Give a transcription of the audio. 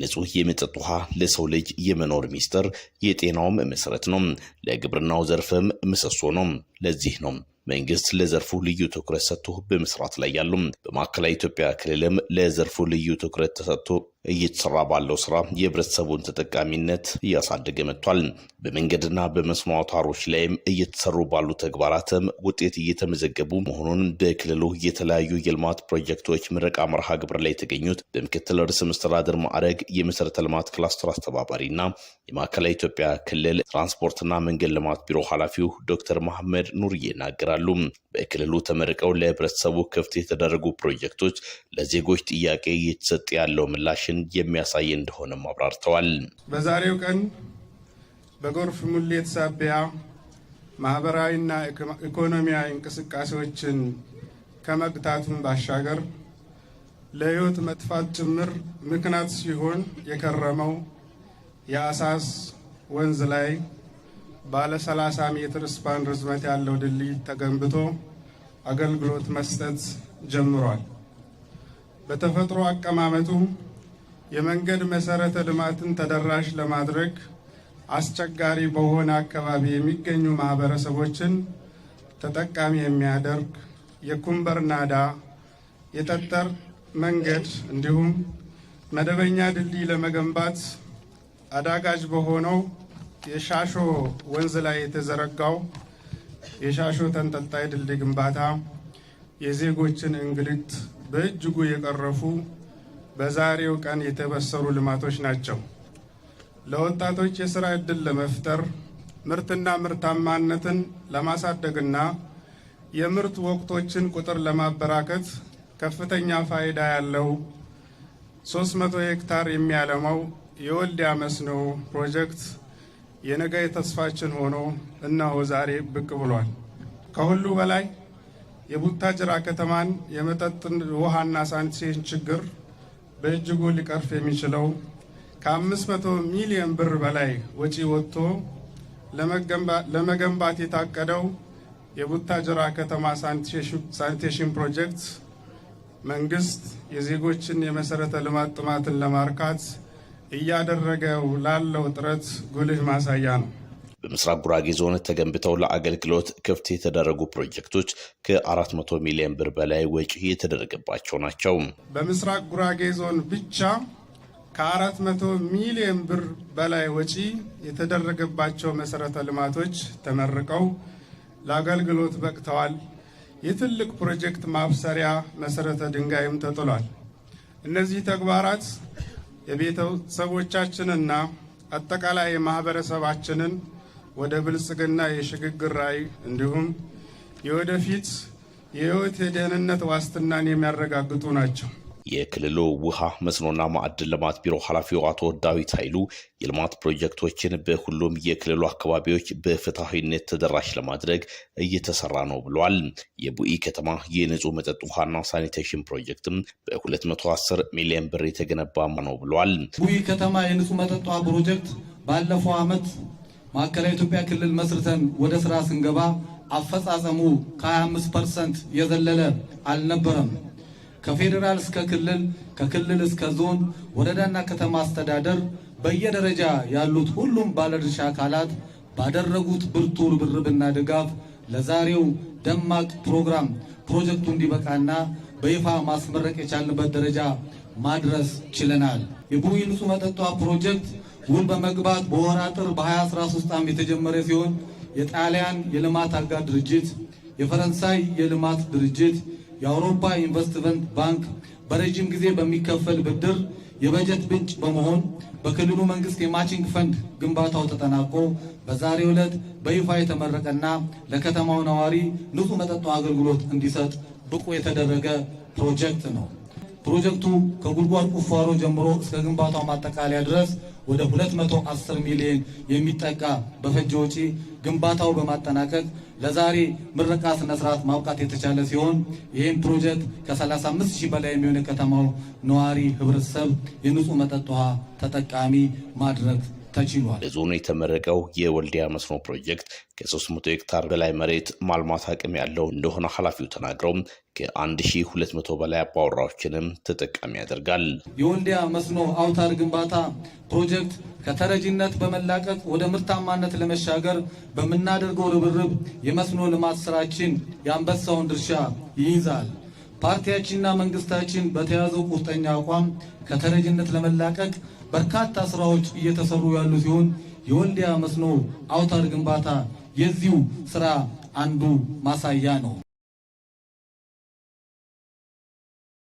ንጹህ የመጠጥ ውሃ ለሰው ልጅ የመኖር ሚስጥር የጤናውም መሰረት ነው፣ ለግብርናው ዘርፍም ምሰሶ ነው። ለዚህ ነው መንግስት ለዘርፉ ልዩ ትኩረት ሰጥቶ በመስራት ላይ ያሉ በማዕከላዊ ኢትዮጵያ ክልልም ለዘርፉ ልዩ ትኩረት ተሰጥቶ እየተሰራ ባለው ስራ የህብረተሰቡን ተጠቃሚነት እያሳደገ መጥቷል። በመንገድና በመስኖ አውታሮች ላይም እየተሰሩ ባሉ ተግባራትም ውጤት እየተመዘገቡ መሆኑን በክልሉ የተለያዩ የልማት ፕሮጀክቶች ምረቃ መርሃ ግብር ላይ የተገኙት በምክትል ርዕሰ መስተዳድር ማዕረግ የመሰረተ ልማት ክላስተር አስተባባሪ እና የማዕከላዊ ኢትዮጵያ ክልል ትራንስፖርትና መንገድ ልማት ቢሮ ኃላፊው ዶክተር መሐመድ ኑርዬ ይናገራሉ። በክልሉ ተመርቀው ለህብረተሰቡ ክፍት የተደረጉ ፕሮጀክቶች ለዜጎች ጥያቄ እየተሰጠ ያለው ምላሽን የሚያሳይ እንደሆነም አብራርተዋል። በዛሬው ቀን በጎርፍ ሙሌት ሳቢያ ማህበራዊና ኢኮኖሚያዊ እንቅስቃሴዎችን ከመግታቱን ባሻገር ለህይወት መጥፋት ጭምር ምክንያት ሲሆን የከረመው የአሳስ ወንዝ ላይ ባለ 30 ሜትር ስፓን ርዝመት ያለው ድልድይ ተገንብቶ አገልግሎት መስጠት ጀምሯል። በተፈጥሮ አቀማመጡ የመንገድ መሰረተ ልማትን ተደራሽ ለማድረግ አስቸጋሪ በሆነ አካባቢ የሚገኙ ማህበረሰቦችን ተጠቃሚ የሚያደርግ የኩምበር ናዳ የጠጠር መንገድ እንዲሁም መደበኛ ድልድይ ለመገንባት አዳጋጅ በሆነው የሻሾ ወንዝ ላይ የተዘረጋው የሻሾ ተንጠልጣይ ድልድይ ግንባታ የዜጎችን እንግልት በእጅጉ የቀረፉ በዛሬው ቀን የተበሰሩ ልማቶች ናቸው። ለወጣቶች የስራ ዕድል ለመፍጠር ምርትና ምርታማነትን ለማሳደግና የምርት ወቅቶችን ቁጥር ለማበራከት ከፍተኛ ፋይዳ ያለው 300 ሄክታር የሚያለማው የወልዲያ መስኖ ፕሮጀክት የነገ የተስፋችን ሆኖ እነሆ ዛሬ ብቅ ብሏል። ከሁሉ በላይ የቡታጅራ ከተማን የመጠጥ ውሃና ሳኒቴሽን ችግር በእጅጉ ሊቀርፍ የሚችለው ከ500 ሚሊዮን ብር በላይ ወጪ ወጥቶ ለመገንባት የታቀደው የቡታጅራ ከተማ ሳኒቴሽን ፕሮጀክት መንግስት የዜጎችን የመሰረተ ልማት ጥማትን ለማርካት እያደረገው ላለው ጥረት ጉልህ ማሳያ ነው። በምስራቅ ጉራጌ ዞን ተገንብተው ለአገልግሎት ክፍት የተደረጉ ፕሮጀክቶች ከ400 ሚሊዮን ብር በላይ ወጪ የተደረገባቸው ናቸው። በምስራቅ ጉራጌ ዞን ብቻ ከ400 ሚሊዮን ብር በላይ ወጪ የተደረገባቸው መሰረተ ልማቶች ተመርቀው ለአገልግሎት በቅተዋል። የትልቅ ፕሮጀክት ማብሰሪያ መሰረተ ድንጋይም ተጥሏል። እነዚህ ተግባራት የቤተሰቦቻችንና አጠቃላይ ማህበረሰባችንን ወደ ብልጽግና የሽግግር ራዕይ እንዲሁም የወደፊት የህይወት የደህንነት ዋስትናን የሚያረጋግጡ ናቸው። የክልሉ ውሃ መስኖና ማዕድን ልማት ቢሮ ኃላፊው አቶ ዳዊት ኃይሉ የልማት ፕሮጀክቶችን በሁሉም የክልሉ አካባቢዎች በፍትሐዊነት ተደራሽ ለማድረግ እየተሰራ ነው ብሏል። የቡኢ ከተማ የንጹህ መጠጥ ውሃና ሳኒቴሽን ፕሮጀክትም በ210 ሚሊዮን ብር የተገነባ ነው ብለዋል። ቡኢ ከተማ የንጹህ መጠጥ ውሃ ፕሮጀክት ባለፈው ዓመት ማዕከላዊ ኢትዮጵያ ክልል መስርተን ወደ ስራ ስንገባ አፈጻጸሙ ከ25 ፐርሰንት የዘለለ አልነበረም። ከፌዴራል እስከ ክልል፣ ከክልል እስከ ዞን፣ ወረዳና ከተማ አስተዳደር በየደረጃ ያሉት ሁሉም ባለድርሻ አካላት ባደረጉት ብርቱ ርብርብና ድጋፍ ለዛሬው ደማቅ ፕሮግራም ፕሮጀክቱ እንዲበቃና በይፋ ማስመረቅ የቻልንበት ደረጃ ማድረስ ችለናል። የቡይ ንጹህ መጠጧ ፕሮጀክት ውል በመግባት በወር አጥር በ2013 ዓ.ም የተጀመረ ሲሆን የጣሊያን የልማት አጋር ድርጅት፣ የፈረንሳይ የልማት ድርጅት የአውሮፓ ኢንቨስትመንት ባንክ በረዥም ጊዜ በሚከፈል ብድር የበጀት ምንጭ በመሆን በክልሉ መንግስት የማቺንግ ፈንድ ግንባታው ተጠናቆ በዛሬ ዕለት በይፋ የተመረቀና ለከተማው ነዋሪ ንጹህ መጠጥ አገልግሎት እንዲሰጥ ብቁ የተደረገ ፕሮጀክት ነው። ፕሮጀክቱ ከጉድጓድ ቁፋሮ ጀምሮ እስከ ግንባታው ማጠቃለያ ድረስ ወደ 210 ሚሊዮን የሚጠጋ በፈጀ ወጪ ግንባታው በማጠናቀቅ ለዛሬ ምረቃ ስነ ስርዓት ማብቃት የተቻለ ሲሆን ይህም ፕሮጀክት ከ35 ሺህ በላይ የሚሆን የከተማው ነዋሪ ህብረተሰብ የንጹህ መጠጥ ውሃ ተጠቃሚ ማድረግ ተችሏል። በዞኑ የተመረቀው የወልዲያ መስኖ ፕሮጀክት ከ300 ሄክታር በላይ መሬት ማልማት አቅም ያለው እንደሆነ ኃላፊው ተናግረው ከ1200 በላይ አባወራዎችንም ተጠቃሚ ያደርጋል። የወልዲያ መስኖ አውታር ግንባታ ፕሮጀክት ከተረጂነት በመላቀቅ ወደ ምርታማነት ለመሻገር በምናደርገው ርብርብ የመስኖ ልማት ስራችን የአንበሳውን ድርሻ ይይዛል። ፓርቲያችንና መንግስታችን በተያዘው ቁርጠኛ አቋም ከተረጅነት ለመላቀቅ በርካታ ስራዎች እየተሰሩ ያሉ ሲሆን የወልዲያ መስኖ አውታር ግንባታ የዚሁ ስራ አንዱ ማሳያ ነው።